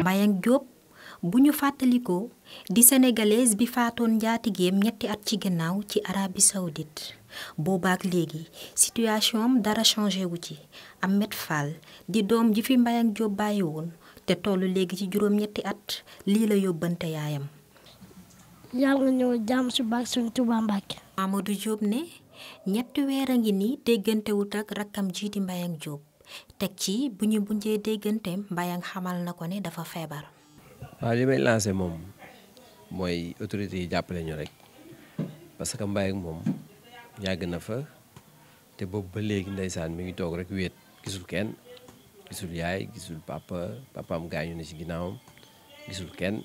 Mbayang Diop bu ñu fàttalikoo di senegales bi faatoon njaatigeem ñetti at ci gannaaw ci Arabie Saoudite boobaak léegi situation am dara changé wu ci am Fall di doom ji fi Mbayang Diop bàyyi woon te tollu léegi ci juróom-ñetti at lii la yóbbante yaayam. yàlla ñëw jàmm si baax suñu Tuubaa Mbàkke. Amadou Diop ne. ñett weer a ngi ni wut ak rakam ji di mbayang job tek ci buñu ñu bunjee dégganteem mbayang xamal nako ne dafa fébar wa li may lancer mom moy autorité yi jàppale ñu rek parce que mbayang mom yag na fa té ba légui mi ngi tok rek wéet gisul kenn gisul yaay gisul papa am gañu na ci ginaaw gisul kenn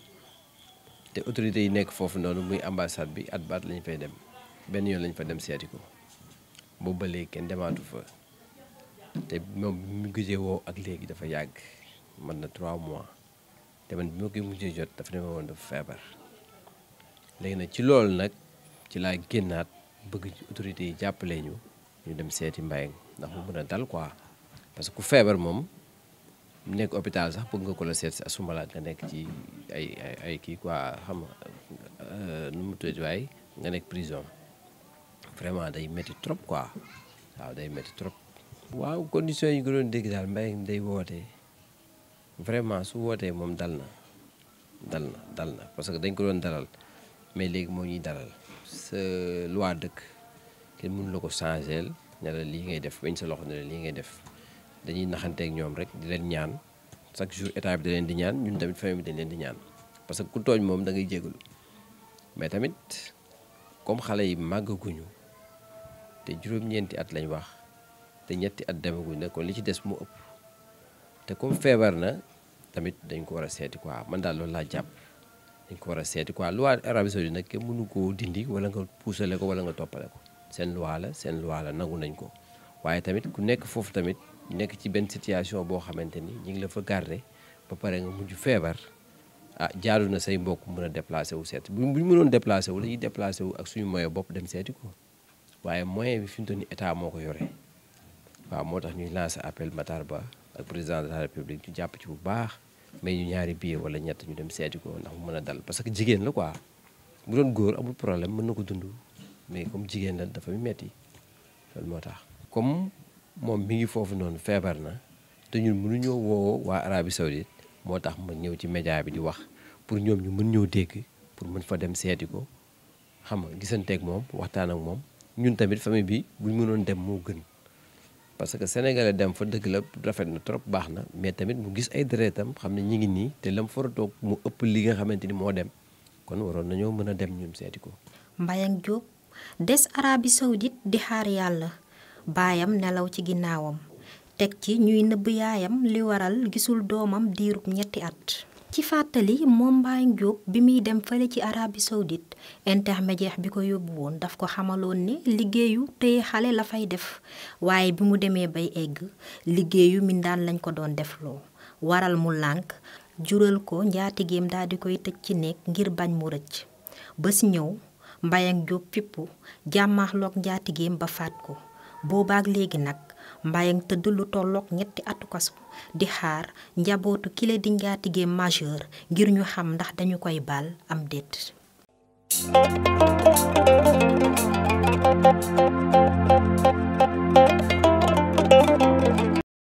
te autorité yi nek fofu nonu muy ambassade bi at baat lañ fay dem benn yoon lañu fa dem seeti ko boobu ba léegi kenn demaatu fa te moom bi mu gisee woo ak léegi dafa yàgg mën na trois mois te bi ma koy mujjee jot dafa demee woon dafa feebar léegi nag ci loolu nag ci laa génnaat bëgg autorités yi jàppalee ñu ñu dem seeti Mbayang ndax mu mën a dal quoi parce que ku feebar moom nekk hôpital sax bëgg nga ko la seet si asumalaat nga nekk ci ay ay kii quoi xam euh, nu mu tudd waay nga nekk prison. vraiment day metti trop quoi waaw day metti trop. waaw condition yi nga doon dégg daal mbay day wootee vraiment su wootee moom dal na dal na dal na parce que dañ ko doon dalal mais léegi moo ñuy dalal sa loi dëkk kenn mënu la ko changé ne la lii ngay def bañ sa loxo ne la lii ngay def dañuy ak ñoom rek di leen ñaan chaque jour état bi da leen di ñaan ñun tamit famille bi dañ leen di ñaan parce que ku tooñ moom da ngay jégalu mais tamit comme xale yi màggaguñu te juróom-ñeenti at lañ wax te ñetti at demaguñ na ko li ci des mu ëpp te comme feebar na tamit dañ ko war a seeti quoi man daal loolu laa jàpp dañ ko war a seeti quoi loi Arabie Saoudite nag kenn mënu koo dindi wala nga puusale ko wala nga toppale ko seen loi seen loi la nañ ko waaye tamit ku nekk foofu tamit nekk ci benn situation boo xamante ni ñu ngi la fa garder ba pare nga mujj feebar a ah jaadu na say mbokk mun a déplacé wu seet bu ñu mënoon déplacé wu la ñuy déplacé wu ak suñu moyen bopp dem seeti ko waaye moyen bi fi mu toll nii état moo ko yore waaw moo tax ñuy lancé appel Matar Ba ak président de la république ñu jàpp ci bu baax mais ñu ñaari billet wala ñett ñu dem seeti ko ndax mu mën a dal parce que jigéen la quoi bu góor amul problème mën na ko dund mais comme jigéen la dafa metti loolu moo tax. comme moom mi ngi foofu noonu feebar na te ñun mënuñoo woo waa Arabie Saoudite moo tax ma ñëw ci média bi di wax pour ñoom ñu mën ñëw dégg pour mën fa dem seeti ko xam nga gisanteeg moom waxtaan ak moom. ñun tamit famille bi buñ mënon dem mo gën parce que sénégalais dem fa dëgg la rafet na trop baax na mais tamit mu gis ay deretam xam ñi ngi ni te lam fa toog mu ëpp li nga xamanteni mo dem kon waron nañu mëna dem ñun ko mbayang Diop des Arabie Saoudite di xaar yalla bayam nelaw ci ginnawam tek ci ñuy neub yaayam li waral gisul domam diruk ñetti at ci fàttali moom Mbaye Diop bi muy dem fële ci Arabie Saoudite intermédiaire bi ko yóbbu woon daf ko xamaloon ne liggéeyu tey xale la fay def waaye bi mu demee bay egg liggéeyu mindaan lañ ko doon def waral mu lànk jural ko njaatigeem daal di koy tëj ci nekk ngir bañ mu rëcc bés ñëw Mbaye Diop fippu jàmmaaxloog njaatigeem ba faat ko boobaak léegi nag Mbaye nga tëdd lu tolloog ñetti atu di xaar njabootu kile di njaatige majeur ngir ñu xam ndax dañu koy bal am déet.